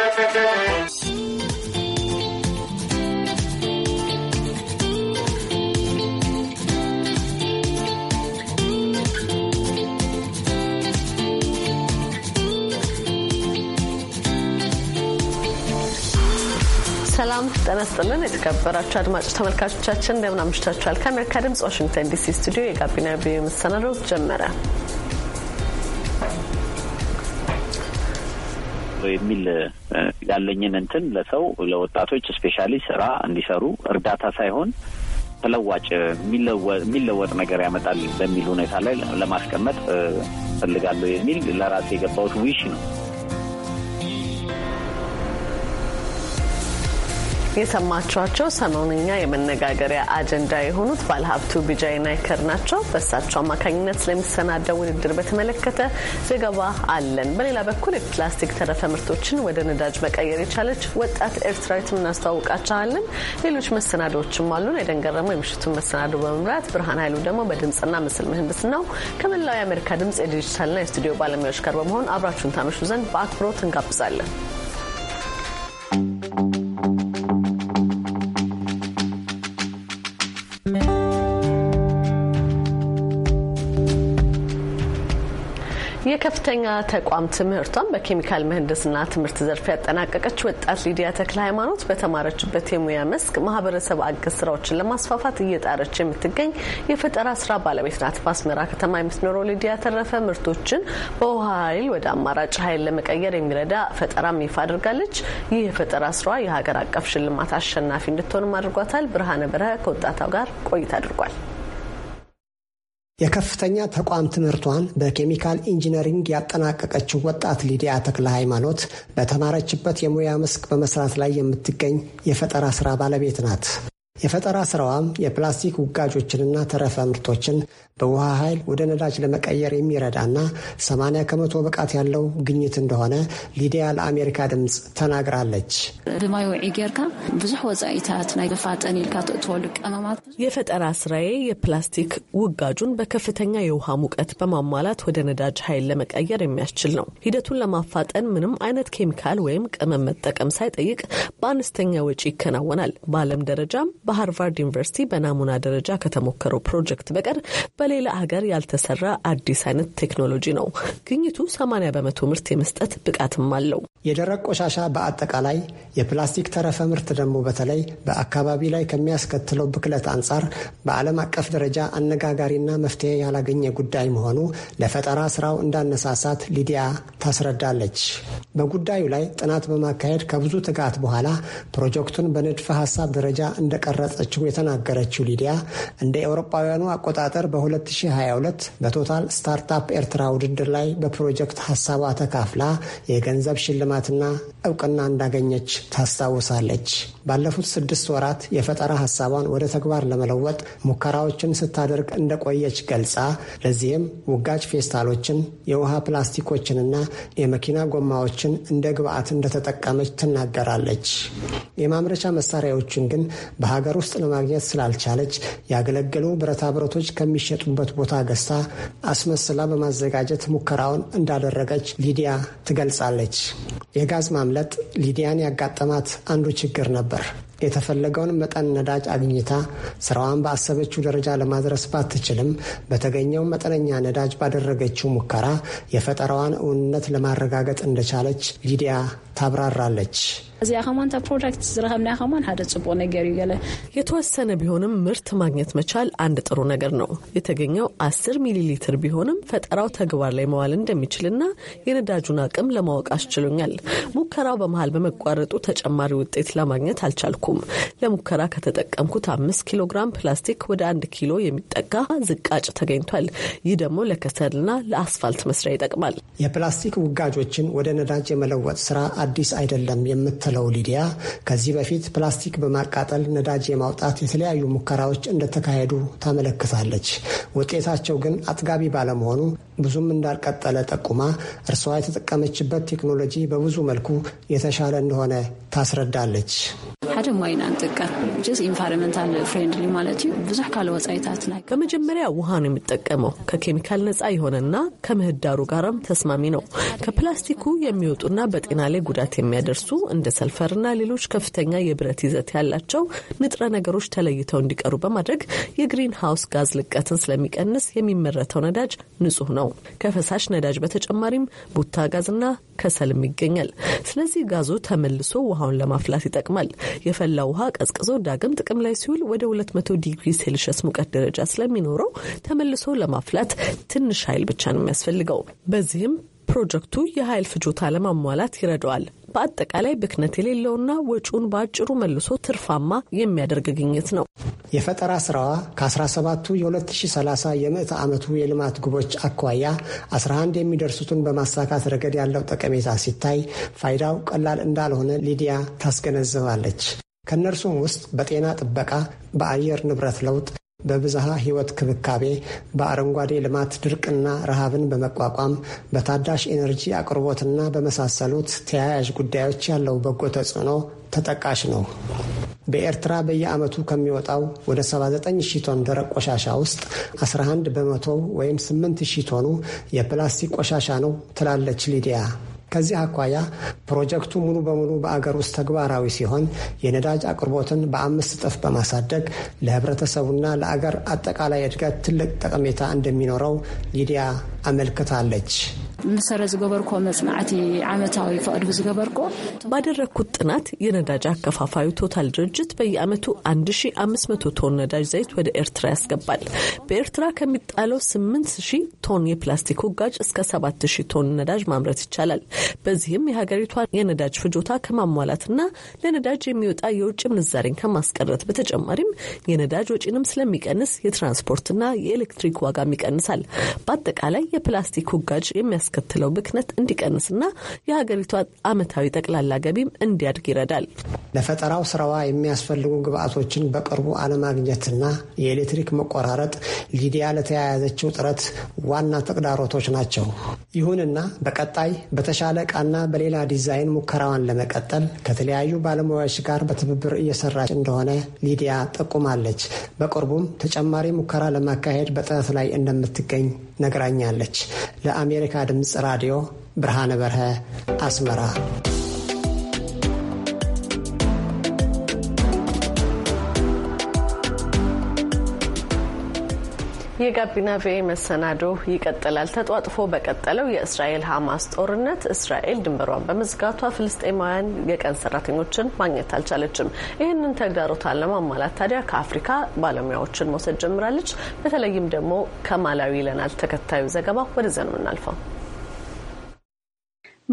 ሰላም ጤና ይስጥልን። የተከበራችሁ አድማጭ ተመልካቾቻችን እንደምን አምሽታችኋል? ከአሜሪካ ድምጽ ዋሽንግተን ዲሲ ስቱዲዮ የጋቢና ቪዮ መሰናዶ ጀመረ። የሚል ያለኝን እንትን ለሰው ለወጣቶች ስፔሻሊ ስራ እንዲሰሩ እርዳታ ሳይሆን ተለዋጭ የሚለወጥ ነገር ያመጣል በሚል ሁኔታ ላይ ለማስቀመጥ ፈልጋለሁ የሚል ለራሴ የገባሁት ዊሽ ነው። የሰማችኋቸው ሰሞንኛ የመነጋገሪያ አጀንዳ የሆኑት ባለሀብቱ ቢጃይ ናይከር ናቸው። በእሳቸው አማካኝነት ስለሚሰናደው ውድድር በተመለከተ ዘገባ አለን። በሌላ በኩል የፕላስቲክ ተረፈ ምርቶችን ወደ ነዳጅ መቀየር የቻለች ወጣት ኤርትራዊት እናስተዋውቃችኋለን። ሌሎች መሰናዶዎችም አሉን። የደንገረመው የምሽቱን መሰናዶ በመምራት ብርሃን ኃይሉ ደግሞ በድምፅና ምስል ምህንድስ ነው ከመላው የአሜሪካ ድምፅ የዲጂታልና የስቱዲዮ ባለሙያዎች ጋር በመሆን አብራችሁን ታመሹ ዘንድ በአክብሮት እንጋብዛለን። የከፍተኛ ተቋም ትምህርቷን በኬሚካል ምህንድስና ትምህርት ዘርፍ ያጠናቀቀች ወጣት ሊዲያ ተክለ ሃይማኖት በተማረችበት የሙያ መስክ ማህበረሰብ አገዝ ስራዎችን ለማስፋፋት እየጣረች የምትገኝ የፈጠራ ስራ ባለቤት ናት። በአስመራ ከተማ የምትኖረው ሊዲያ ተረፈ ምርቶችን በውሃ ኃይል ወደ አማራጭ ኃይል ለመቀየር የሚረዳ ፈጠራም ይፋ አድርጋለች። ይህ የፈጠራ ስራዋ የሀገር አቀፍ ሽልማት አሸናፊ እንድትሆንም አድርጓታል። ብርሃነ በረሀ ከወጣቷ ጋር ቆይታ አድርጓል። የከፍተኛ ተቋም ትምህርቷን በኬሚካል ኢንጂነሪንግ ያጠናቀቀችው ወጣት ሊዲያ ተክለ ሃይማኖት በተማረችበት የሙያ መስክ በመስራት ላይ የምትገኝ የፈጠራ ስራ ባለቤት ናት። የፈጠራ ስራዋም የፕላስቲክ ውጋጆችንና ተረፈ ምርቶችን በውሃ ኃይል ወደ ነዳጅ ለመቀየር የሚረዳና 80 ከመቶ ብቃት ያለው ግኝት እንደሆነ ሊዲያ ለአሜሪካ ድምፅ ተናግራለች። ብማይ ውዒ ጌርካ ብዙሕ ወፃኢታት ናይ ብፋጠን ኢልካ ትእትወሉ ቀመማት የፈጠራ ስራዬ የፕላስቲክ ውጋጁን በከፍተኛ የውሃ ሙቀት በማሟላት ወደ ነዳጅ ኃይል ለመቀየር የሚያስችል ነው። ሂደቱን ለማፋጠን ምንም አይነት ኬሚካል ወይም ቅመም መጠቀም ሳይጠይቅ በአነስተኛ ወጪ ይከናወናል። በዓለም ደረጃም በሃርቫርድ ዩኒቨርሲቲ በናሙና ደረጃ ከተሞከረው ፕሮጀክት በቀር በሌላ ሀገር ያልተሰራ አዲስ አይነት ቴክኖሎጂ ነው። ግኝቱ 80 በመቶ ምርት የመስጠት ብቃትም አለው። የደረቅ ቆሻሻ በአጠቃላይ የፕላስቲክ ተረፈ ምርት ደግሞ በተለይ በአካባቢ ላይ ከሚያስከትለው ብክለት አንጻር በዓለም አቀፍ ደረጃ አነጋጋሪና መፍትሄ ያላገኘ ጉዳይ መሆኑ ለፈጠራ ስራው እንዳነሳሳት ሊዲያ ታስረዳለች። በጉዳዩ ላይ ጥናት በማካሄድ ከብዙ ትጋት በኋላ ፕሮጀክቱን በንድፈ ሀሳብ ደረጃ እንደቀረጸችው የተናገረችው ሊዲያ እንደ ኤውሮጳውያኑ አቆጣጠር በ2022 በቶታል ስታርታፕ ኤርትራ ውድድር ላይ በፕሮጀክት ሀሳቧ ተካፍላ የገንዘብ ሽልማ ሽልማትና እውቅና እንዳገኘች ታስታውሳለች። ባለፉት ስድስት ወራት የፈጠራ ሀሳቧን ወደ ተግባር ለመለወጥ ሙከራዎችን ስታደርግ እንደቆየች ገልጻ ለዚህም ውጋጅ ፌስታሎችን፣ የውሃ ፕላስቲኮችንና የመኪና ጎማዎችን እንደ ግብአት እንደተጠቀመች ትናገራለች። የማምረቻ መሳሪያዎችን ግን በሀገር ውስጥ ለማግኘት ስላልቻለች ያገለገሉ ብረታ ብረቶች ከሚሸጡበት ቦታ ገዝታ አስመስላ በማዘጋጀት ሙከራውን እንዳደረገች ሊዲያ ትገልጻለች። የጋዝ ለማምለጥ ሊዲያን ያጋጠማት አንዱ ችግር ነበር። የተፈለገውን መጠን ነዳጅ አግኝታ ስራዋን በአሰበችው ደረጃ ለማድረስ ባትችልም በተገኘው መጠነኛ ነዳጅ ባደረገችው ሙከራ የፈጠራዋን እውንነት ለማረጋገጥ እንደቻለች ሊዲያ ታብራራለች። እዚ ፕሮዳክት ዝረኸብና ሓደ ፅቡቅ ነገር እዩ ገለ የተወሰነ ቢሆንም ምርት ማግኘት መቻል አንድ ጥሩ ነገር ነው። የተገኘው አስር ሚሊ ሊትር ቢሆንም ፈጠራው ተግባር ላይ መዋል እንደሚችልና የነዳጁን አቅም ለማወቅ አስችሎኛል። ሙከራው በመሃል በመቋረጡ ተጨማሪ ውጤት ለማግኘት አልቻልኩም። ለሙከራ ከተጠቀምኩት አምስት ኪሎ ግራም ፕላስቲክ ወደ አንድ ኪሎ የሚጠጋ ዝቃጭ ተገኝቷል። ይህ ደግሞ ለከሰልና ለአስፋልት መስሪያ ይጠቅማል። የፕላስቲክ ውጋጆችን ወደ ነዳጅ የመለወጥ ስራ አዲስ አይደለም የምት የምትለው ሊዲያ ከዚህ በፊት ፕላስቲክ በማቃጠል ነዳጅ የማውጣት የተለያዩ ሙከራዎች እንደተካሄዱ ታመለክታለች። ውጤታቸው ግን አጥጋቢ ባለመሆኑ ብዙም እንዳልቀጠለ ጠቁማ እርሷ የተጠቀመችበት ቴክኖሎጂ በብዙ መልኩ የተሻለ እንደሆነ ታስረዳለች። ሓደ ማይና ንጥቀር ስ ኢንቫይሮንመንታል ፍሬንድሊ ማለት እዩ ብዙሕ ካልእ ወፃኢታት ናይ በመጀመርያ ውሃ የምጠቀመው ከኬሚካል ነፃ የሆነና ከምህዳሩ ጋርም ተስማሚ ነው። ከፕላስቲኩ የሚወጡና በጤና ላይ ጉዳት የሚያደርሱ እንደ ሰልፈርና ሌሎች ከፍተኛ የብረት ይዘት ያላቸው ንጥረ ነገሮች ተለይተው እንዲቀሩ በማድረግ የግሪን ሃውስ ጋዝ ልቀትን ስለሚቀንስ የሚመረተው ነዳጅ ንጹህ ነው። ከፈሳሽ ነዳጅ በተጨማሪም ቡታ ጋዝና ከሰልም ይገኛል። ስለዚህ ጋዙ ተመልሶ ውሃውን ለማፍላት ይጠቅማል። የፈላ ውሃ ቀዝቅዞ ዳግም ጥቅም ላይ ሲውል ወደ 200 ዲግሪ ሴልሽስ ሙቀት ደረጃ ስለሚኖረው ተመልሶ ለማፍላት ትንሽ ኃይል ብቻ ነው የሚያስፈልገው። በዚህም ፕሮጀክቱ የኃይል ፍጆታ ለማሟላት ይረዳዋል። በአጠቃላይ ብክነት የሌለውና ወጪውን በአጭሩ መልሶ ትርፋማ የሚያደርግ ግኝት ነው። የፈጠራ ስራዋ ከ17ቱ የ2030 የምዕተ ዓመቱ የልማት ግቦች አኳያ 11 የሚደርሱትን በማሳካት ረገድ ያለው ጠቀሜታ ሲታይ ፋይዳው ቀላል እንዳልሆነ ሊዲያ ታስገነዝባለች። ከእነርሱም ውስጥ በጤና ጥበቃ፣ በአየር ንብረት ለውጥ፣ በብዝሃ ሕይወት ክብካቤ፣ በአረንጓዴ ልማት፣ ድርቅና ረሃብን በመቋቋም በታዳሽ ኤነርጂ አቅርቦትና በመሳሰሉት ተያያዥ ጉዳዮች ያለው በጎ ተጽዕኖ ተጠቃሽ ነው። በኤርትራ በየዓመቱ ከሚወጣው ወደ 79 ሺህ ቶን ደረቅ ቆሻሻ ውስጥ 11 በመቶ ወይም 8 ሺ ቶኑ የፕላስቲክ ቆሻሻ ነው ትላለች ሊዲያ። ከዚህ አኳያ ፕሮጀክቱ ሙሉ በሙሉ በአገር ውስጥ ተግባራዊ ሲሆን የነዳጅ አቅርቦትን በአምስት እጥፍ በማሳደግ ለህብረተሰቡና ለአገር አጠቃላይ እድገት ትልቅ ጠቀሜታ እንደሚኖረው ሊዲያ አመልክታለች። ምሰረ ዝገበርኮ መፅናዕቲ ዓመታዊ ፈቅድ ብዝገበርኮ ባደረግኩት ጥናት የነዳጅ አከፋፋዩ ቶታል ድርጅት በየዓመቱ 1500 ቶን ነዳጅ ዘይት ወደ ኤርትራ ያስገባል። በኤርትራ ከሚጣለው 8000 ቶን የፕላስቲክ ውጋጅ እስከ 7000 ቶን ነዳጅ ማምረት ይቻላል። በዚህም የሀገሪቷ የነዳጅ ፍጆታ ከማሟላትና ለነዳጅ የሚወጣ የውጭ ምንዛሬን ከማስቀረት በተጨማሪም የነዳጅ ወጪንም ስለሚቀንስ የትራንስፖርትና የኤሌክትሪክ ዋጋም ይቀንሳል። በአጠቃላይ የፕላስቲክ ሁጋጅ የሚያስከትለው ብክነት እንዲቀንስና የሀገሪቷ አመታዊ ጠቅላላ ገቢም እንዲያድግ ይረዳል። ለፈጠራው ስራዋ የሚያስፈልጉ ግብአቶችን በቅርቡ አለማግኘትና የኤሌክትሪክ መቆራረጥ ሊዲያ ለተያያዘችው ጥረት ዋና ተግዳሮቶች ናቸው። ይሁንና በቀጣይ በተሻለ እቃና በሌላ ዲዛይን ሙከራዋን ለመቀጠል ከተለያዩ ባለሙያዎች ጋር በትብብር እየሰራች እንደሆነ ሊዲያ ጠቁማለች። በቅርቡም ተጨማሪ ሙከራ ለማካሄድ በጥረት ላይ እንደምትገኝ ነግራኛለች። ለአሜሪካ ድምፅ ራዲዮ ብርሃነ በርሀ አስመራ የጋቢና ቪኤ መሰናዶ ይቀጥላል። ተጧጥፎ በቀጠለው የእስራኤል ሀማስ ጦርነት እስራኤል ድንበሯን በመዝጋቷ ፍልስጤማውያን የቀን ሰራተኞችን ማግኘት አልቻለችም። ይህንን ተግዳሮቷን ለማሟላት ታዲያ ከአፍሪካ ባለሙያዎችን መውሰድ ጀምራለች። በተለይም ደግሞ ከማላዊ ይለናል ተከታዩ ዘገባ። ወደዚያ ነው የምናልፈው።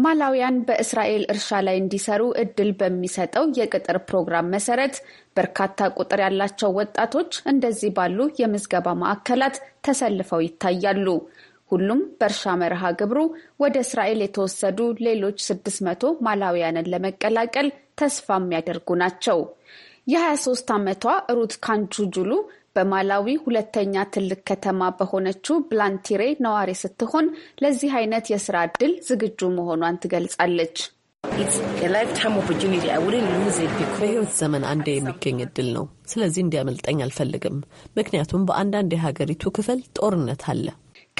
ማላውያን በእስራኤል እርሻ ላይ እንዲሰሩ እድል በሚሰጠው የቅጥር ፕሮግራም መሰረት በርካታ ቁጥር ያላቸው ወጣቶች እንደዚህ ባሉ የምዝገባ ማዕከላት ተሰልፈው ይታያሉ። ሁሉም በእርሻ መርሃ ግብሩ ወደ እስራኤል የተወሰዱ ሌሎች 600 ማላውያንን ለመቀላቀል ተስፋ የሚያደርጉ ናቸው። የ23 ዓመቷ ሩት ካንቹጁሉ በማላዊ ሁለተኛ ትልቅ ከተማ በሆነችው ብላንቲሬ ነዋሪ ስትሆን ለዚህ አይነት የስራ ዕድል ዝግጁ መሆኗን ትገልጻለች። በህይወት ዘመን አንዴ የሚገኝ እድል ነው። ስለዚህ እንዲያመልጠኝ አልፈልግም። ምክንያቱም በአንዳንድ የሀገሪቱ ክፍል ጦርነት አለ።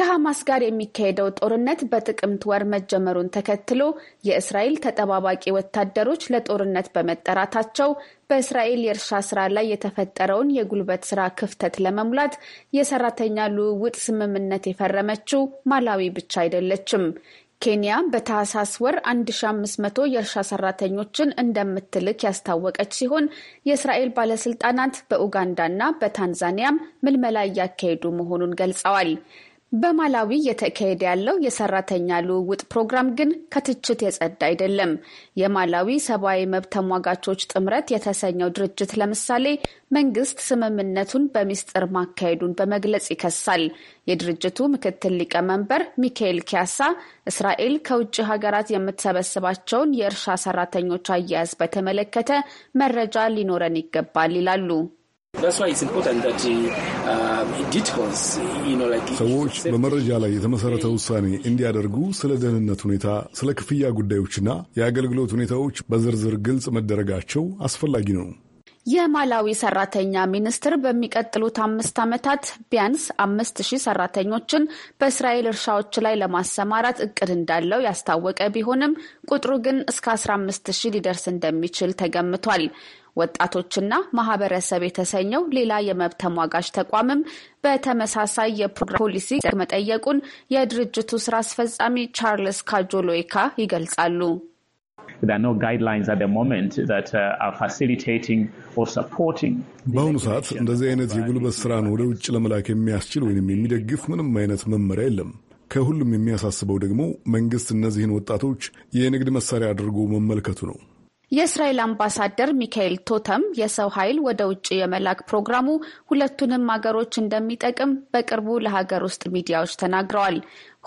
ከሐማስ ጋር የሚካሄደው ጦርነት በጥቅምት ወር መጀመሩን ተከትሎ የእስራኤል ተጠባባቂ ወታደሮች ለጦርነት በመጠራታቸው በእስራኤል የእርሻ ስራ ላይ የተፈጠረውን የጉልበት ስራ ክፍተት ለመሙላት የሰራተኛ ልውውጥ ስምምነት የፈረመችው ማላዊ ብቻ አይደለችም። ኬንያ በታህሳስ ወር 1500 የእርሻ ሰራተኞችን እንደምትልክ ያስታወቀች ሲሆን የእስራኤል ባለስልጣናት በኡጋንዳና በታንዛኒያም ምልመላ እያካሄዱ መሆኑን ገልጸዋል። በማላዊ እየተካሄደ ያለው የሰራተኛ ልውውጥ ፕሮግራም ግን ከትችት የጸዳ አይደለም። የማላዊ ሰብአዊ መብት ተሟጋቾች ጥምረት የተሰኘው ድርጅት ለምሳሌ መንግስት ስምምነቱን በሚስጥር ማካሄዱን በመግለጽ ይከሳል። የድርጅቱ ምክትል ሊቀመንበር ሚካኤል ኪያሳ እስራኤል ከውጭ ሀገራት የምትሰበስባቸውን የእርሻ ሰራተኞች አያያዝ በተመለከተ መረጃ ሊኖረን ይገባል ይላሉ። Um, ሰዎች በመረጃ ላይ የተመሰረተ ውሳኔ እንዲያደርጉ ስለ ደህንነት ሁኔታ፣ ስለ ክፍያ ጉዳዮችና የአገልግሎት ሁኔታዎች በዝርዝር ግልጽ መደረጋቸው አስፈላጊ ነው። የማላዊ ሰራተኛ ሚኒስትር በሚቀጥሉት አምስት ዓመታት ቢያንስ አምስት ሺህ ሰራተኞችን በእስራኤል እርሻዎች ላይ ለማሰማራት እቅድ እንዳለው ያስታወቀ ቢሆንም ቁጥሩ ግን እስከ አስራ አምስት ሺህ ሊደርስ እንደሚችል ተገምቷል። ወጣቶችና ማህበረሰብ የተሰኘው ሌላ የመብት ተሟጋች ተቋምም በተመሳሳይ የፕሮግራም ፖሊሲ መጠየቁን የድርጅቱ ስራ አስፈጻሚ ቻርልስ ካጆሎይካ ይገልጻሉ። uh, በአሁኑ ሰዓት እንደዚህ አይነት የጉልበት ስራን ወደ ውጭ ለመላክ የሚያስችል ወይም የሚደግፍ ምንም አይነት መመሪያ የለም። ከሁሉም የሚያሳስበው ደግሞ መንግስት እነዚህን ወጣቶች የንግድ መሳሪያ አድርጎ መመልከቱ ነው። የእስራኤል አምባሳደር ሚካኤል ቶተም የሰው ኃይል ወደ ውጭ የመላክ ፕሮግራሙ ሁለቱንም ሀገሮች እንደሚጠቅም በቅርቡ ለሀገር ውስጥ ሚዲያዎች ተናግረዋል።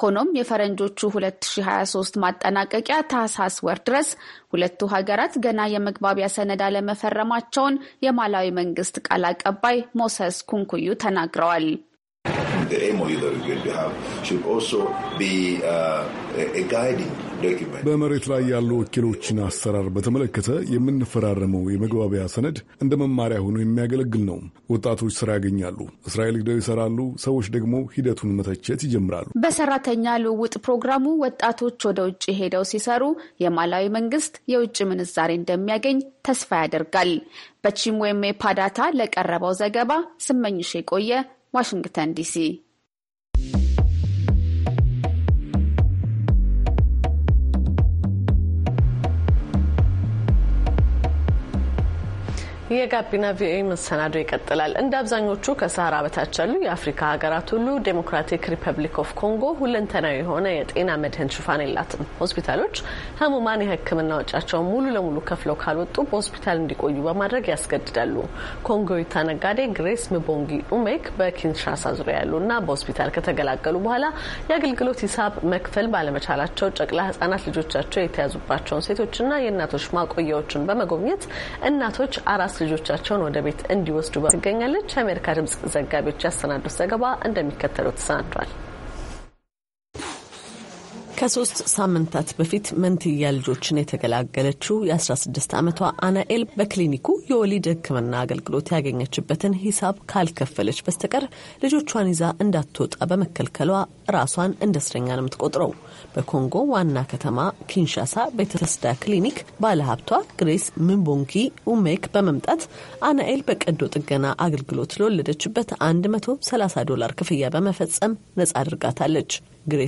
ሆኖም የፈረንጆቹ 2023 ማጠናቀቂያ ታህሳስ ወር ድረስ ሁለቱ ሀገራት ገና የመግባቢያ ሰነድ አለመፈረማቸውን የማላዊ መንግስት ቃል አቀባይ ሞሰስ ኩንኩዩ ተናግረዋል። The MOU that we should also be uh, a guiding በመሬት ላይ ያሉ ወኪሎችን አሰራር በተመለከተ የምንፈራረመው የመግባቢያ ሰነድ እንደ መማሪያ ሆኖ የሚያገለግል ነው። ወጣቶች ስራ ያገኛሉ፣ እስራኤል ሂደው ይሰራሉ፣ ሰዎች ደግሞ ሂደቱን መተቸት ይጀምራሉ። በሰራተኛ ልውውጥ ፕሮግራሙ ወጣቶች ወደ ውጭ ሄደው ሲሰሩ የማላዊ መንግስት የውጭ ምንዛሬ እንደሚያገኝ ተስፋ ያደርጋል። በቺም ወይም ፓዳታ ለቀረበው ዘገባ ስመኝሽ የቆየ ዋሽንግተን ዲሲ የጋቢና ቪኦኤ መሰናዶ ይቀጥላል። እንደ አብዛኞቹ ከሰሃራ በታች ያሉ የአፍሪካ ሀገራት ሁሉ ዴሞክራቲክ ሪፐብሊክ ኦፍ ኮንጎ ሁለንተናዊ የሆነ የጤና መድህን ሽፋን የላትም። ሆስፒታሎች ህሙማን የህክምና ወጫቸውን ሙሉ ለሙሉ ከፍለው ካልወጡ በሆስፒታል እንዲቆዩ በማድረግ ያስገድዳሉ። ኮንጎዊቷ ነጋዴ ግሬስ ምቦንጊ ኡሜክ በኪንሻሳ ዙሪያ ያሉና በሆስፒታል ከተገላገሉ በኋላ የአገልግሎት ሂሳብ መክፈል ባለመቻላቸው ጨቅላ ህጻናት ልጆቻቸው የተያዙባቸውን ሴቶችና የእናቶች ማቆያዎችን በመጎብኘት እናቶች አራስ ልጆቻቸውን ወደ ቤት እንዲወስዱ ትገኛለች። የአሜሪካ ድምጽ ዘጋቢዎች ያሰናዱት ዘገባ እንደሚከተለው ተሰናዷል። ከሶስት ሳምንታት በፊት መንትያ ልጆችን የተገላገለችው የ16 ዓመቷ አናኤል በክሊኒኩ የወሊድ ሕክምና አገልግሎት ያገኘችበትን ሂሳብ ካልከፈለች በስተቀር ልጆቿን ይዛ እንዳትወጣ በመከልከሏ ራሷን እንደ እስረኛ ነው የምትቆጥረው። በኮንጎ ዋና ከተማ ኪንሻሳ ቤተተስዳ ክሊኒክ ባለሀብቷ ግሬስ ምንቦንኪ ኡሜክ በመምጣት አናኤል በቀዶ ጥገና አገልግሎት ለወለደችበት 130 ዶላር ክፍያ በመፈጸም ነጻ አድርጋታለች። Euh,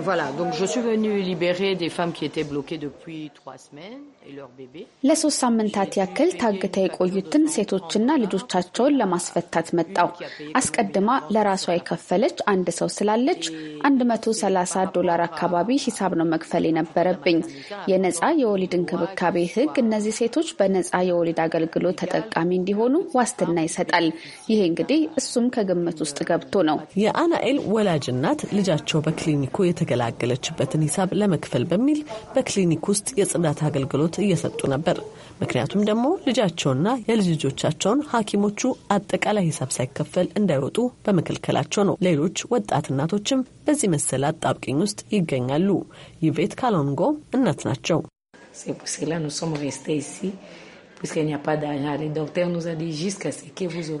voilà, donc je suis venue libérer des femmes qui étaient bloquées depuis trois semaines. ለሶስት ሳምንታት ያክል ታግታ የቆዩትን ሴቶችና ልጆቻቸውን ለማስፈታት መጣው። አስቀድማ ለራሷ የከፈለች አንድ ሰው ስላለች 130 ዶላር አካባቢ ሂሳብ ነው መክፈል የነበረብኝ። የነፃ የወሊድ እንክብካቤ ህግ እነዚህ ሴቶች በነፃ የወሊድ አገልግሎት ተጠቃሚ እንዲሆኑ ዋስትና ይሰጣል። ይሄ እንግዲህ እሱም ከግምት ውስጥ ገብቶ ነው። የአናኤል ወላጅ እናት ልጃቸው በክሊኒኩ የተገላገለችበትን ሂሳብ ለመክፈል በሚል በክሊኒክ ውስጥ የጽዳት አገልግሎት አገልግሎት እየሰጡ ነበር። ምክንያቱም ደግሞ ልጃቸውና የልጅ ልጆቻቸውን ሐኪሞቹ አጠቃላይ ሂሳብ ሳይከፈል እንዳይወጡ በመከልከላቸው ነው። ሌሎች ወጣት እናቶችም በዚህ መሰል አጣብቂኝ ውስጥ ይገኛሉ። ይቬት ካሎንጎ እናት ናቸው።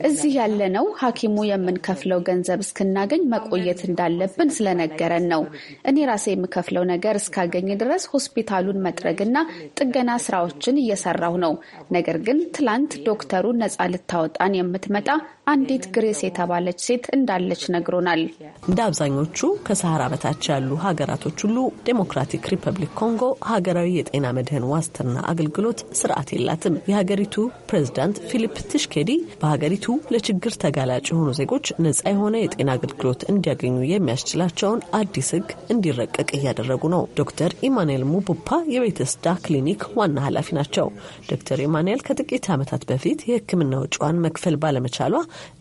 እዚህ ያለነው ሐኪሙ የምንከፍለው ገንዘብ እስክናገኝ መቆየት እንዳለብን ስለነገረን ነው። እኔ ራሴ የምከፍለው ነገር እስካገኝ ድረስ ሆስፒታሉን መጥረግና ጥገና ስራዎችን እየሰራሁ ነው። ነገር ግን ትላንት ዶክተሩ ነፃ ልታወጣን የምትመጣ አንዲት ግሬስ የተባለች ሴት እንዳለች ነግሮናል። እንደ አብዛኞቹ ከሰሃራ በታች ያሉ ሀገራቶች ሁሉ ዴሞክራቲክ ሪፐብሊክ ኮንጎ ሀገራዊ የጤና መድህን ዋስትና አገልግሎት ስርዓት የላትም። የሀገሪቱ ፕሬዝዳንት ፊሊፕ ትሽኬዲ በሀገሪቱ ለችግር ተጋላጭ የሆኑ ዜጎች ነጻ የሆነ የጤና አገልግሎት እንዲያገኙ የሚያስችላቸውን አዲስ ህግ እንዲረቀቅ እያደረጉ ነው። ዶክተር ኢማኑኤል ሙቡፓ የቤተስዳ ክሊኒክ ዋና ኃላፊ ናቸው። ዶክተር ኢማኑኤል ከጥቂት ዓመታት በፊት የህክምና ወጪዋን መክፈል ባለመቻሏ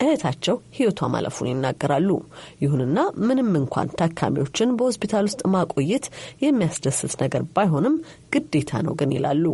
እህታቸው ህይወቷ ማለፉን ይናገራሉ። ይሁንና ምንም እንኳን ታካሚዎችን በሆስፒታል ውስጥ ማቆየት የሚያስደስት ነገር ባይሆንም ግዴታ ነው ግን ይላሉ።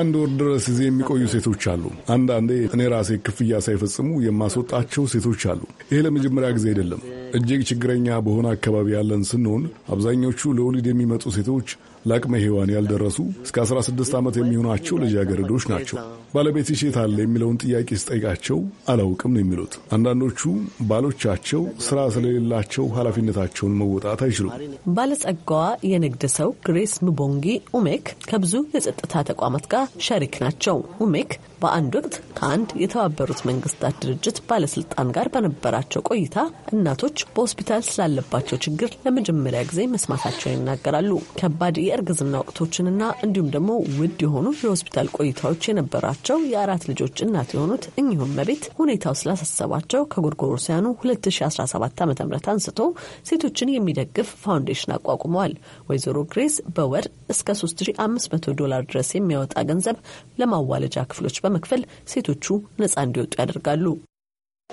አንድ ወር ድረስ ጊዜ የሚቆዩ ሴቶች አሉ። አንዳንዴ እኔ ራሴ ክፍያ ሳይፈጽሙ የማስወጣቸው ሴቶች አሉ። ይሄ ለመጀመሪያ ጊዜ አይደለም። እጅግ ችግረኛ በሆነ አካባቢ ያለን ስንሆን አብዛኞቹ ለወሊድ የሚመጡ ሴቶች ለአቅመ ሔዋን ያልደረሱ እስከ 16 ዓመት የሚሆናቸው ልጃገረዶች ናቸው። ባለቤትሽ የት አለ የሚለውን ጥያቄ ስጠይቃቸው አላውቅም ነው የሚሉት። አንዳንዶቹ ባሎቻቸው ስራ ስለሌላቸው ኃላፊነታቸውን መወጣት አይችሉም። ባለጸጋዋ የንግድ ሰው ግሬስ ምቦንጊ ኡሜክ ከብዙ የጸጥታ ተቋማት ጋር ሸሪክ ናቸው። ኡሜክ በአንድ ወቅት ከአንድ የተባበሩት መንግስታት ድርጅት ባለስልጣን ጋር በነበራቸው ቆይታ እናቶች በሆስፒታል ስላለባቸው ችግር ለመጀመሪያ ጊዜ መስማታቸውን ይናገራሉ። ከባድ የእርግዝና ወቅቶችንና እንዲሁም ደግሞ ውድ የሆኑ የሆስፒታል ቆይታዎች የነበራቸው የአራት ልጆች እናት የሆኑት እኚሁም መቤት ሁኔታው ስላሳሰባቸው ከጎርጎሮሲያኑ 2017 ዓ ም አንስቶ ሴቶችን የሚደግፍ ፋውንዴሽን አቋቁመዋል። ወይዘሮ ግሬስ በወር እስከ 3500 ዶላር ድረስ የሚያወጣ ገንዘብ ለማዋለጃ ክፍሎች በ በመክፈል ሴቶቹ ነፃ እንዲወጡ ያደርጋሉ።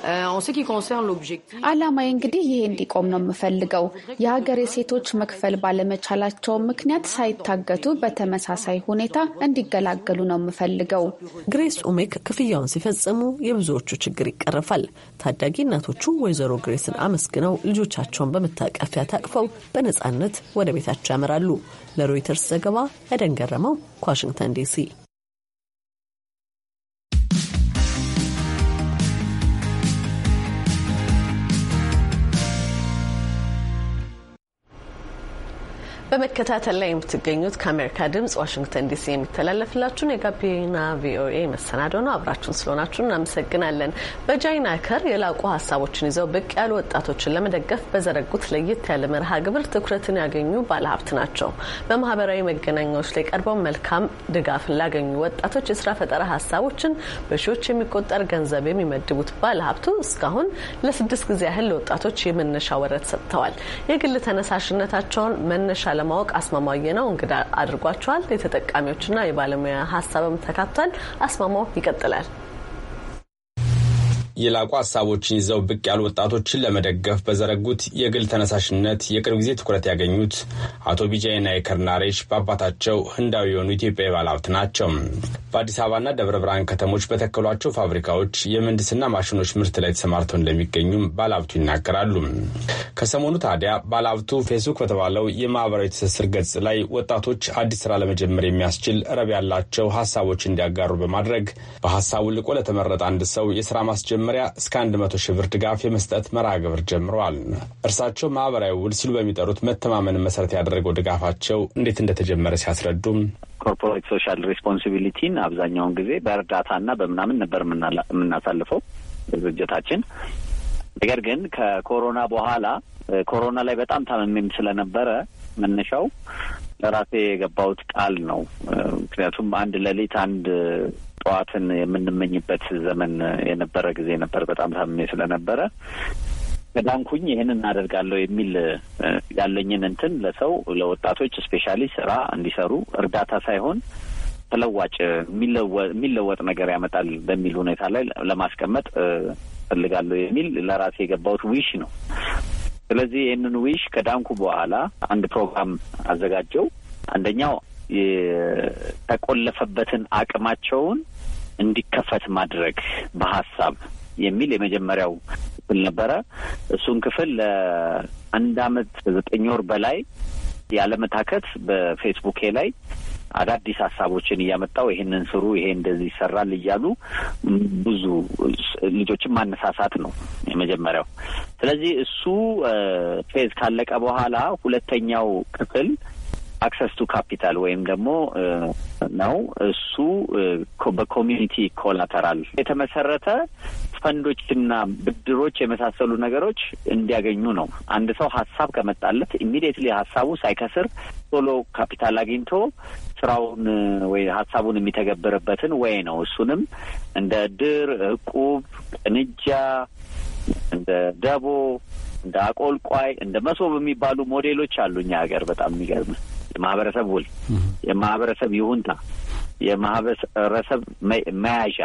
euh, ዓላማዬ እንግዲህ ይሄ እንዲቆም ነው የምፈልገው። የሀገሬ ሴቶች መክፈል ባለመቻላቸው ምክንያት ሳይታገቱ በተመሳሳይ ሁኔታ እንዲገላገሉ ነው የምፈልገው። ግሬስ ኦሜክ ክፍያውን ሲፈጽሙ የብዙዎቹ ችግር ይቀረፋል። ታዳጊ እናቶቹ ወይዘሮ ግሬስን አመስግነው ልጆቻቸውን በመታቀፊያ ታቅፈው በነፃነት ወደ ቤታቸው ያመራሉ። ለሮይተርስ ዘገባ ያደንገረመው ገረመው ከዋሽንግተን ዲሲ በመከታተል ላይ የምትገኙት ከአሜሪካ ድምጽ ዋሽንግተን ዲሲ የሚተላለፍላችሁን የጋቢና ቪኦኤ መሰናዶ ነው። አብራችሁን ስለሆናችሁ እናመሰግናለን። በጃይና ከር የላቁ ሀሳቦችን ይዘው ብቅ ያሉ ወጣቶችን ለመደገፍ በዘረጉት ለየት ያለ መርሃ ግብር ትኩረትን ያገኙ ባለሀብት ናቸው። በማህበራዊ መገናኛዎች ላይ ቀርበው መልካም ድጋፍን ላገኙ ወጣቶች የስራ ፈጠራ ሀሳቦችን በሺዎች የሚቆጠር ገንዘብ የሚመድቡት ባለሀብቱ እስካሁን ለስድስት ጊዜ ያህል ለወጣቶች የመነሻ ወረት ሰጥተዋል። የግል ተነሳሽነታቸውን መነሻ ለማወቅ አስማማው ነው እንግዳ አድርጓቸዋል። የተጠቃሚዎችና የባለሙያ ሀሳብም ተካቷል። አስማማው ይቀጥላል። የላቁ ሀሳቦችን ይዘው ብቅ ያሉ ወጣቶችን ለመደገፍ በዘረጉት የግል ተነሳሽነት የቅርብ ጊዜ ትኩረት ያገኙት አቶ ቢጃይ ናይከር ናሬሽ በአባታቸው ህንዳዊ የሆኑ ኢትዮጵያዊ ባለሀብት ናቸው። በአዲስ አበባና ደብረ ብርሃን ከተሞች በተከሏቸው ፋብሪካዎች የምህንድስና ማሽኖች ምርት ላይ ተሰማርተው እንደሚገኙም ባለሀብቱ ይናገራሉ። ከሰሞኑ ታዲያ ባለሀብቱ ፌስቡክ በተባለው የማህበራዊ ትስስር ገጽ ላይ ወጣቶች አዲስ ስራ ለመጀመር የሚያስችል ረብ ያላቸው ሀሳቦች እንዲያጋሩ በማድረግ በሀሳቡ ልቆ ለተመረጠ አንድ ሰው የስራ ማስጀመር መጀመሪያ እስከ 100 ሺህ ብር ድጋፍ የመስጠት መርሃ ግብር ጀምረዋል። እርሳቸው ማህበራዊ ውል ሲሉ በሚጠሩት መተማመንን መሰረት ያደረገው ድጋፋቸው እንዴት እንደተጀመረ ሲያስረዱም ኮርፖሬት ሶሻል ሬስፖንሲቢሊቲን አብዛኛውን ጊዜ በእርዳታና በምናምን ነበር የምናሳልፈው ድርጅታችን። ነገር ግን ከኮሮና በኋላ ኮሮና ላይ በጣም ታመሜም ስለነበረ መነሻው ለራሴ የገባሁት ቃል ነው። ምክንያቱም አንድ ሌሊት አንድ ጠዋትን የምንመኝበት ዘመን የነበረ ጊዜ ነበር። በጣም ታምሜ ስለነበረ ከዳንኩኝ ይህንን አደርጋለሁ የሚል ያለኝን እንትን ለሰው ለወጣቶች ስፔሻሊ ስራ እንዲሰሩ እርዳታ ሳይሆን ተለዋጭ የሚለወጥ ነገር ያመጣል በሚል ሁኔታ ላይ ለማስቀመጥ ፈልጋለሁ የሚል ለራሴ የገባሁት ዊሽ ነው። ስለዚህ ይህንን ዊሽ ከዳንኩ በኋላ አንድ ፕሮግራም አዘጋጀው። አንደኛው የተቆለፈበትን አቅማቸውን እንዲከፈት ማድረግ በሀሳብ የሚል የመጀመሪያው ክፍል ነበረ። እሱን ክፍል ለአንድ አመት ዘጠኝ ወር በላይ ያለመታከት በፌስቡኬ ላይ አዳዲስ ሀሳቦችን እያመጣው ይሄንን ስሩ፣ ይሄ እንደዚህ ይሰራል እያሉ ብዙ ልጆችን ማነሳሳት ነው የመጀመሪያው። ስለዚህ እሱ ፌዝ ካለቀ በኋላ ሁለተኛው ክፍል አክሰስ ቱ ካፒታል ወይም ደግሞ ነው እሱ በኮሚኒቲ ኮላተራል የተመሰረተ ፈንዶችና ብድሮች የመሳሰሉ ነገሮች እንዲያገኙ ነው። አንድ ሰው ሀሳብ ከመጣለት ኢሚዲየትሊ ሀሳቡ ሳይከስር ቶሎ ካፒታል አግኝቶ ስራውን ወይ ሀሳቡን የሚተገብርበትን ወይ ነው። እሱንም እንደ ድር፣ እቁብ፣ ቅንጃ፣ እንደ ደቦ፣ እንደ አቆልቋይ፣ እንደ መሶብ የሚባሉ ሞዴሎች አሉ እኛ ሀገር በጣም የሚገርም የማህበረሰብ ውል፣ የማህበረሰብ ይሁንታ፣ የማህበረሰብ መያዣ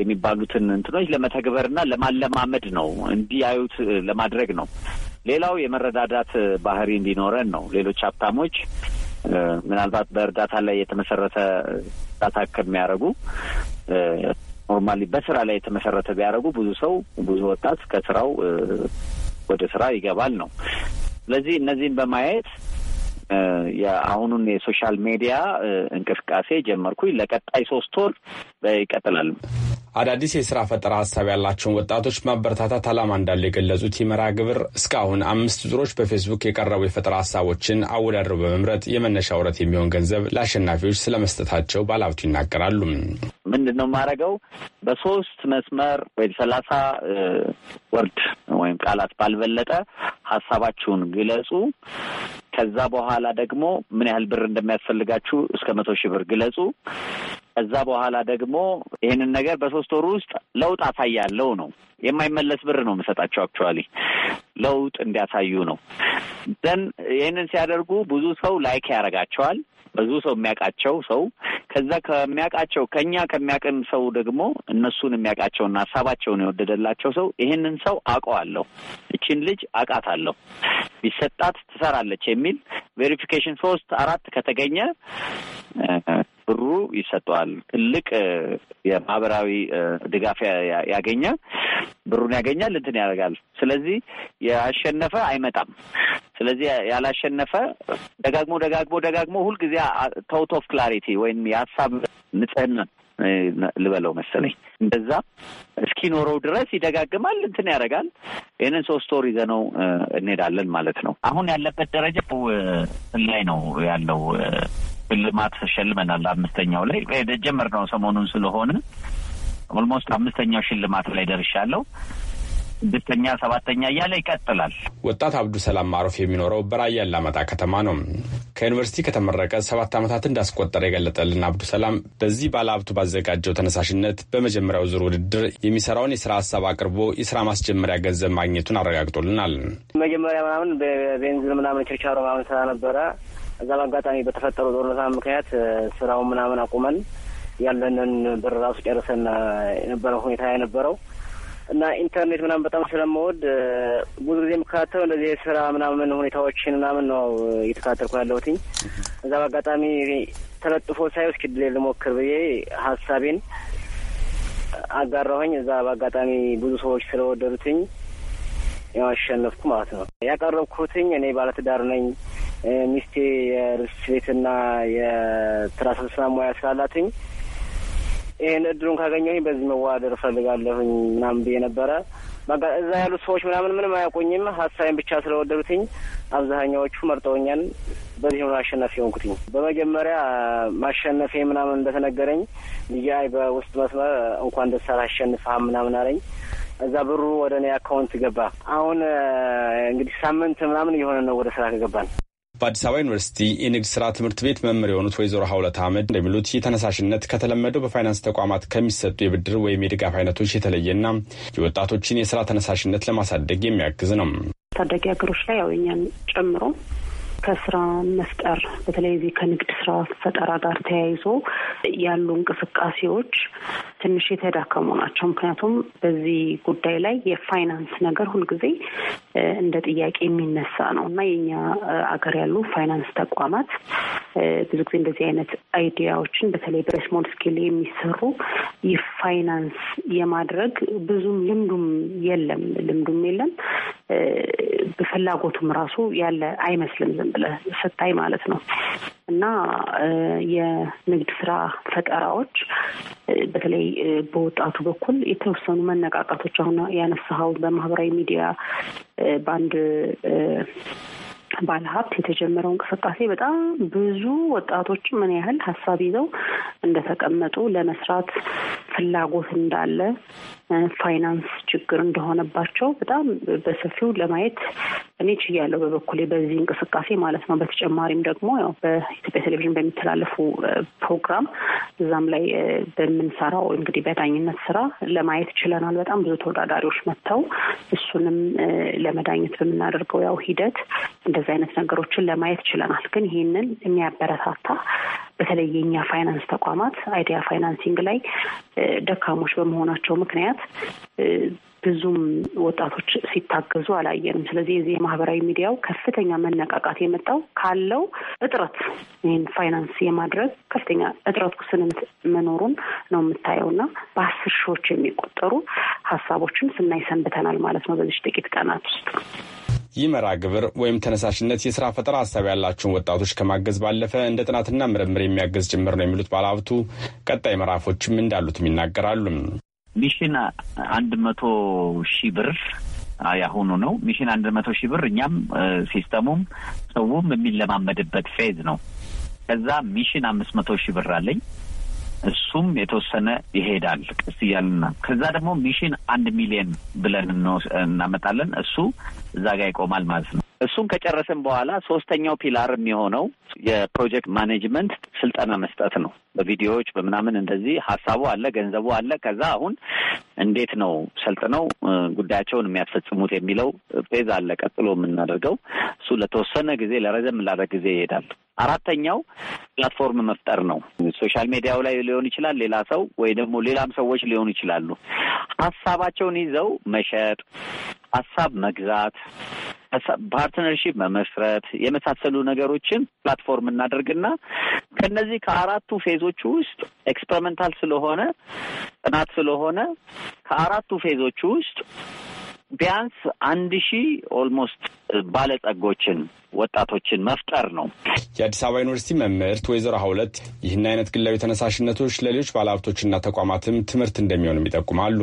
የሚባሉትን እንትኖች ለመተግበርና ለማለማመድ ነው፣ እንዲያዩት ለማድረግ ነው። ሌላው የመረዳዳት ባህሪ እንዲኖረን ነው። ሌሎች ሀብታሞች ምናልባት በእርዳታ ላይ የተመሰረተ እርዳታ ከሚያደርጉ ኖርማሊ በስራ ላይ የተመሰረተ ቢያደርጉ ብዙ ሰው ብዙ ወጣት ከስራው ወደ ስራ ይገባል ነው። ስለዚህ እነዚህን በማየት የአሁኑን የሶሻል ሜዲያ እንቅስቃሴ ጀመርኩኝ። ለቀጣይ ሶስት ወር ይቀጥላል። አዳዲስ የስራ ፈጠራ ሀሳብ ያላቸውን ወጣቶች ማበረታታት አላማ እንዳለ የገለጹት ይመራ ግብር እስካሁን አምስት ዙሮች በፌስቡክ የቀረቡ የፈጠራ ሀሳቦችን አወዳድረው በመምረጥ የመነሻ ውረት የሚሆን ገንዘብ ለአሸናፊዎች ስለመስጠታቸው ባለሀብቱ ይናገራሉ። ምንድን ነው የማደርገው? በሶስት መስመር ወይ ሰላሳ ወርድ ወይም ቃላት ባልበለጠ ሀሳባችሁን ግለጹ ከዛ በኋላ ደግሞ ምን ያህል ብር እንደሚያስፈልጋችሁ እስከ መቶ ሺህ ብር ግለጹ። ከዛ በኋላ ደግሞ ይህንን ነገር በሶስት ወር ውስጥ ለውጥ አሳያለው ነው የማይመለስ ብር ነው የምሰጣቸው። አክቹዋሊ ለውጥ እንዲያሳዩ ነው። ዘን ይህንን ሲያደርጉ ብዙ ሰው ላይክ ያደርጋቸዋል። ብዙ ሰው የሚያውቃቸው ሰው ከዛ ከሚያውቃቸው ከእኛ ከሚያውቅን ሰው ደግሞ እነሱን የሚያውቃቸውና ሀሳባቸውን የወደደላቸው ሰው ይህንን ሰው አውቀዋለሁ፣ እችን ልጅ አውቃታለሁ፣ ቢሰጣት ትሰራለች የሚል ቬሪፊኬሽን ሶስት አራት ከተገኘ ብሩ ይሰጠዋል። ትልቅ የማህበራዊ ድጋፍ ያገኘ ብሩን ያገኛል፣ እንትን ያደርጋል። ስለዚህ ያሸነፈ አይመጣም። ስለዚህ ያላሸነፈ ደጋግሞ ደጋግሞ ደጋግሞ ሁልጊዜ ተውት ኦፍ ክላሪቲ ወይም የሀሳብ ንጽህና ልበለው መሰለኝ እንደዛ እስኪኖረው ድረስ ይደጋግማል፣ እንትን ያደርጋል። ይህንን ሶስት ወር ይዘነው እንሄዳለን ማለት ነው። አሁን ያለበት ደረጃ ላይ ነው ያለው። ሽልማት ሸልመናል። አምስተኛው ላይ ጀመር ነው ሰሞኑን ስለሆነ ኦልሞስት አምስተኛው ሽልማት ላይ ደርሻለሁ። ስድስተኛ፣ ሰባተኛ እያለ ይቀጥላል። ወጣት አብዱ ሰላም ማሮፍ የሚኖረው በራያ አላማጣ ከተማ ነው። ከዩኒቨርሲቲ ከተመረቀ ሰባት ዓመታት እንዳስቆጠረ የገለጠልን አብዱ ሰላም በዚህ ባለሀብቱ ባዘጋጀው ተነሳሽነት በመጀመሪያው ዙር ውድድር የሚሰራውን የስራ ሀሳብ አቅርቦ የስራ ማስጀመሪያ ገንዘብ ማግኘቱን አረጋግጦልናል። መጀመሪያ ምናምን በቤንዚን ምናምን ችርቻሮ ምናምን ስራ ነበረ። እዛ በአጋጣሚ በተፈጠሩ ጦርነት ምክንያት ስራውን ምናምን አቁመን ያለንን ብር ራሱ ጨርሰን የነበረው ሁኔታ የነበረው እና ኢንተርኔት ምናምን በጣም ስለምወድ ብዙ ጊዜ የምከታተለው እንደዚህ የስራ ምናምን ሁኔታዎችን ምናምን ነው እየተከታተልኩ ያለሁትኝ። እዛ በአጋጣሚ ተለጥፎ ሳይ እስኪ ድሌ ልሞክር ብዬ ሀሳቤን አጋራሁኝ። እዛ በአጋጣሚ ብዙ ሰዎች ስለወደዱትኝ ያው አሸነፍኩ ማለት ነው። ያቀረብኩትኝ እኔ ባለትዳር ነኝ፣ ሚስቴ የርስቤትና የትራንስፖርትና ሙያ ስላላትኝ ይህን እድሉን ካገኘሁኝ በዚህ መዋደር እፈልጋለሁኝ ምናምን ብዬ ነበረ። በቃ እዛ ያሉት ሰዎች ምናምን ምንም አያውቁኝም። ሀሳቤን ብቻ ስለወደዱትኝ አብዛኛዎቹ መርጠውኛል። በዚህ ነው አሸናፊ የሆንኩትኝ። በመጀመሪያ ማሸነፌ ምናምን እንደተነገረኝ ልያይ በውስጥ መስመር እንኳን ደስ አለህ አሸንፈሃል ምናምን አለኝ። እዛ ብሩ ወደ እኔ አካውንት ገባ። አሁን እንግዲህ ሳምንት ምናምን እየሆነ ነው ወደ ስራ ከገባን በአዲስ አበባ ዩኒቨርሲቲ የንግድ ስራ ትምህርት ቤት መምህር የሆኑት ወይዘሮ ሀውለት አህመድ እንደሚሉት የተነሳሽነት ከተለመደው በፋይናንስ ተቋማት ከሚሰጡ የብድር ወይም የድጋፍ አይነቶች የተለየና የወጣቶችን የስራ ተነሳሽነት ለማሳደግ የሚያግዝ ነው። ታዳጊ ሀገሮች ላይ ያው እኛን ጨምሮ ከስራ መፍጠር በተለይ እዚህ ከንግድ ስራ ፈጠራ ጋር ተያይዞ ያሉ እንቅስቃሴዎች ትንሽ የተዳከሙ ናቸው። ምክንያቱም በዚህ ጉዳይ ላይ የፋይናንስ ነገር ሁልጊዜ እንደ ጥያቄ የሚነሳ ነው እና የኛ አገር ያሉ ፋይናንስ ተቋማት ብዙ ጊዜ እንደዚህ አይነት አይዲያዎችን በተለይ በስሞል ስኬል የሚሰሩ ይህ ፋይናንስ የማድረግ ብዙም ልምዱም የለም ልምዱም የለም ፍላጎቱም ራሱ ያለ አይመስልም ዝም ብለህ ስታይ ማለት ነው። እና የንግድ ስራ ፈጠራዎች በተለይ በወጣቱ በኩል የተወሰኑ መነቃቃቶች አሁን ያነሳኸው በማህበራዊ ሚዲያ በአንድ ባለሀብት የተጀመረው እንቅስቃሴ በጣም ብዙ ወጣቶች ምን ያህል ሀሳብ ይዘው እንደተቀመጡ ለመስራት ፍላጎት እንዳለ ፋይናንስ ችግር እንደሆነባቸው በጣም በሰፊው ለማየት እኔ ችያለሁ በበኩሌ በዚህ እንቅስቃሴ ማለት ነው። በተጨማሪም ደግሞ ያው በኢትዮጵያ ቴሌቪዥን በሚተላለፉ ፕሮግራም እዛም ላይ በምንሰራው እንግዲህ በዳኝነት ስራ ለማየት ችለናል። በጣም ብዙ ተወዳዳሪዎች መጥተው እሱንም ለመዳኘት በምናደርገው ያው ሂደት እንደዚህ አይነት ነገሮችን ለማየት ችለናል። ግን ይህንን የሚያበረታታ በተለይ የኛ ፋይናንስ ተቋማት አይዲያ ፋይናንሲንግ ላይ ደካሞች በመሆናቸው ምክንያት ብዙም ወጣቶች ሲታገዙ አላየንም። ስለዚህ የዚህ የማህበራዊ ሚዲያው ከፍተኛ መነቃቃት የመጣው ካለው እጥረት ይህን ፋይናንስ የማድረግ ከፍተኛ እጥረት ውስንነት መኖሩን ነው የምታየው እና በአስር ሺዎች የሚቆጠሩ ሀሳቦችን ስናይ ሰንብተናል ማለት ነው በዚህ ጥቂት ቀናት ውስጥ ይህ መርሃ ግብር ወይም ተነሳሽነት የስራ ፈጠራ ሀሳብ ያላቸውን ወጣቶች ከማገዝ ባለፈ እንደ ጥናትና ምርምር የሚያገዝ ጭምር ነው የሚሉት ባለሀብቱ ቀጣይ ምዕራፎችም እንዳሉትም ይናገራሉ። ሚሽን አንድ መቶ ሺህ ብር ያሁኑ ነው። ሚሽን አንድ መቶ ሺህ ብር እኛም ሲስተሙም ሰውም የሚለማመድበት ፌዝ ነው። ከዛ ሚሽን አምስት መቶ ሺህ ብር አለኝ። እሱም የተወሰነ ይሄዳል ቀስ እያልና ከዛ ደግሞ ሚሽን አንድ ሚሊየን ብለን እናመጣለን። እሱ እዛ ጋ ይቆማል ማለት ነው። እሱን ከጨረስን በኋላ ሶስተኛው ፒላር የሚሆነው የፕሮጀክት ማኔጅመንት ስልጠና መስጠት ነው። በቪዲዮዎች በምናምን እንደዚህ ሀሳቡ አለ፣ ገንዘቡ አለ። ከዛ አሁን እንዴት ነው ሰልጥነው ጉዳያቸውን የሚያስፈጽሙት የሚለው ፌዝ አለ። ቀጥሎ የምናደርገው እሱ ለተወሰነ ጊዜ ለረዘም ላለ ጊዜ ይሄዳል። አራተኛው ፕላትፎርም መፍጠር ነው። ሶሻል ሚዲያው ላይ ሊሆን ይችላል፣ ሌላ ሰው ወይ ደግሞ ሌላም ሰዎች ሊሆኑ ይችላሉ። ሀሳባቸውን ይዘው መሸጥ፣ ሀሳብ መግዛት፣ ፓርትነርሺፕ መመስረት የመሳሰሉ ነገሮችን ፕላትፎርም እናደርግና ከነዚህ ከአራቱ ፌዞች ውስጥ ኤክስፐሪመንታል ስለሆነ ጥናት ስለሆነ ከአራቱ ፌዞች ውስጥ ቢያንስ አንድ ሺህ ኦልሞስት ባለጸጎችን ወጣቶችን መፍጠር ነው። የአዲስ አበባ ዩኒቨርሲቲ መምህርት ወይዘሮ ሀውለት ይህን አይነት ግላዊ ተነሳሽነቶች ለሌሎች ባለሀብቶችና ተቋማትም ትምህርት እንደሚሆንም ይጠቁማሉ።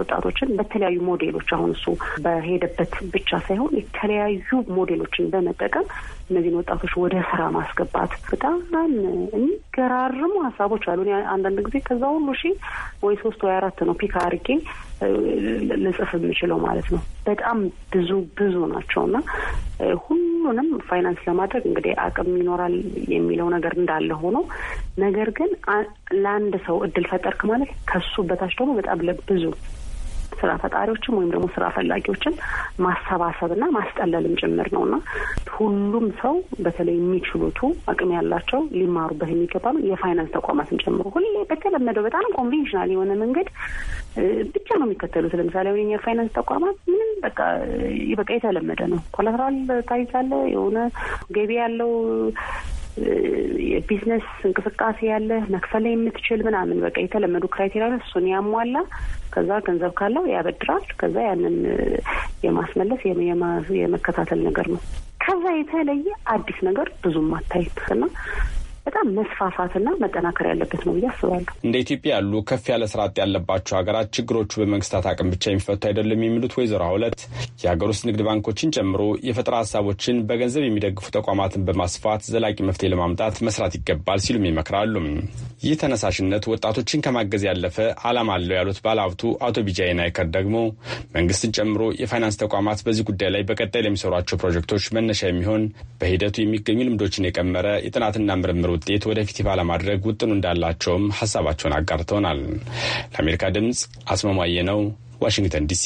ወጣቶችን በተለያዩ ሞዴሎች አሁን እሱ በሄደበት ብቻ ሳይሆን የተለያዩ ሞዴሎችን በመጠቀም እነዚህን ወጣቶች ወደ ስራ ማስገባት በጣም የሚገራርሙ ሀሳቦች አሉ። አንዳንድ ጊዜ ከዛ ሁሉ ሺ ወይ ሶስት ወይ አራት ነው ፒክ አርጌ ልጽፍ የምችለው ማለት ነው። በጣም ብዙ ብዙ ናቸው እና ሁሉንም ፋይናንስ ለማድረግ እንግዲህ አቅም ይኖራል የሚለው ነገር እንዳለ ሆኖ ነገር ግን ለአንድ ሰው እድል ፈጠርክ ማለት ከሱ በታች ደግሞ በጣም ለብዙ ስራ ፈጣሪዎችን ወይም ደግሞ ስራ ፈላጊዎችን ማሰባሰብና ማስጠለልም ጭምር ነው እና ሁሉም ሰው በተለይ የሚችሉቱ አቅም ያላቸው ሊማሩበት የሚገባ ነው። የፋይናንስ ተቋማትን ጨምሮ ሁሌ በተለመደው በጣም ኮንቬንሽናል የሆነ መንገድ ብቻ ነው የሚከተሉት። ለምሳሌ አሁን የፋይናንስ ተቋማት ምንም በቃ በቃ የተለመደ ነው። ኮላትራል ታይዛለ የሆነ ገቢ ያለው የቢዝነስ እንቅስቃሴ ያለ መክፈል የምትችል ምናምን በቃ የተለመዱ ክራይቴሪያ እሱን ያሟላ ከዛ ገንዘብ ካለው ያበድራል። ከዛ ያንን የማስመለስ የመከታተል ነገር ነው። ከዛ የተለየ አዲስ ነገር ብዙም አታይም እና በጣም መስፋፋትና መጠናከር ያለበት ነው ብዬ አስባለሁ። እንደ ኢትዮጵያ ያሉ ከፍ ያለ ስርዓት ያለባቸው ሀገራት ችግሮቹ በመንግስታት አቅም ብቻ የሚፈቱ አይደለም የሚሉት ወይዘሮ ሁለት የሀገር ውስጥ ንግድ ባንኮችን ጨምሮ የፈጠራ ሀሳቦችን በገንዘብ የሚደግፉ ተቋማትን በማስፋት ዘላቂ መፍትሄ ለማምጣት መስራት ይገባል ሲሉም ይመክራሉ። ይህ ተነሳሽነት ወጣቶችን ከማገዝ ያለፈ አላማ አለው ያሉት ባለሀብቱ አቶ ቢጃይ ናይከር ደግሞ መንግስትን ጨምሮ የፋይናንስ ተቋማት በዚህ ጉዳይ ላይ በቀጣይ ለሚሰሯቸው ፕሮጀክቶች መነሻ የሚሆን በሂደቱ የሚገኙ ልምዶችን የቀመረ የጥናትና ምርምር ውጤት ወደፊት ይፋ ለማድረግ ውጥኑ እንዳላቸውም ሀሳባቸውን አጋርተውናል። ለአሜሪካ ድምፅ አስማማየ ነው፣ ዋሽንግተን ዲሲ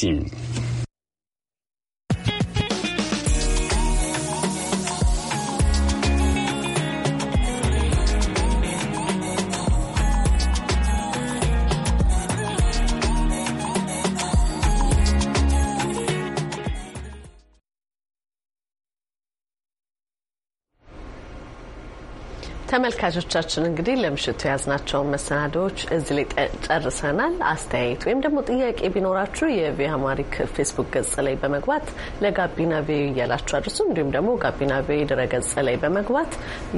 ተመልካቾቻችን እንግዲህ ለምሽቱ የያዝናቸውን መሰናዶዎች እዚህ ላይ ጨርሰናል። አስተያየት ወይም ደግሞ ጥያቄ ቢኖራችሁ የቪኦኤ አማሪክ ፌስቡክ ገጽ ላይ በመግባት ለጋቢና ቪ እያላችሁ አድርሱ። እንዲሁም ደግሞ ጋቢና ቪ ድረገጽ ላይ በመግባት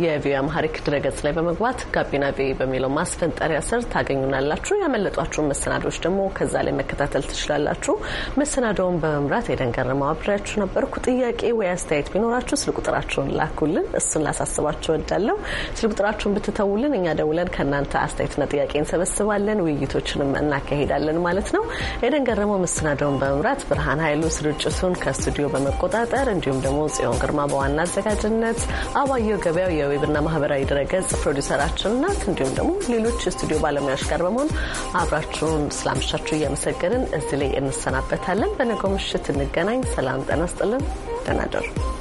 የቪኦኤ አማሪክ ድረገጽ ላይ በመግባት ጋቢና ቪ በሚለው ማስፈንጠሪያ ስር ታገኙናላችሁ። ያመለጧችሁን መሰናዶዎች ደግሞ ከዛ ላይ መከታተል ትችላላችሁ። መሰናዶውን በመምራት የደን ገረመው አብሬያችሁ ነበርኩ። ጥያቄ ወይ አስተያየት ቢኖራችሁ ስልክ ቁጥራችሁን ላኩልን። እሱን ላሳስባችሁ እወዳለሁ። ቁጥራችሁን ብትተውልን እኛ ደውለን ከእናንተ አስተያየትና ጥያቄ እንሰበስባለን፣ ውይይቶችንም እናካሄዳለን ማለት ነው። ኤደን ገረመው መሰናደውን በመምራት ብርሃን ኃይሉ ስርጭቱን ከስቱዲዮ በመቆጣጠር እንዲሁም ደግሞ ጽዮን ግርማ በዋና አዘጋጅነት አባየው ገበያው የዌብና ማህበራዊ ድረገጽ ፕሮዲውሰራችን ናት። እንዲሁም ደግሞ ሌሎች የስቱዲዮ ባለሙያዎች ጋር በመሆን አብራችሁን ስላምሻችሁ እያመሰገንን እዚህ ላይ እንሰናበታለን። በነገው ምሽት እንገናኝ። ሰላም ጠነስጥልን ደናደሩ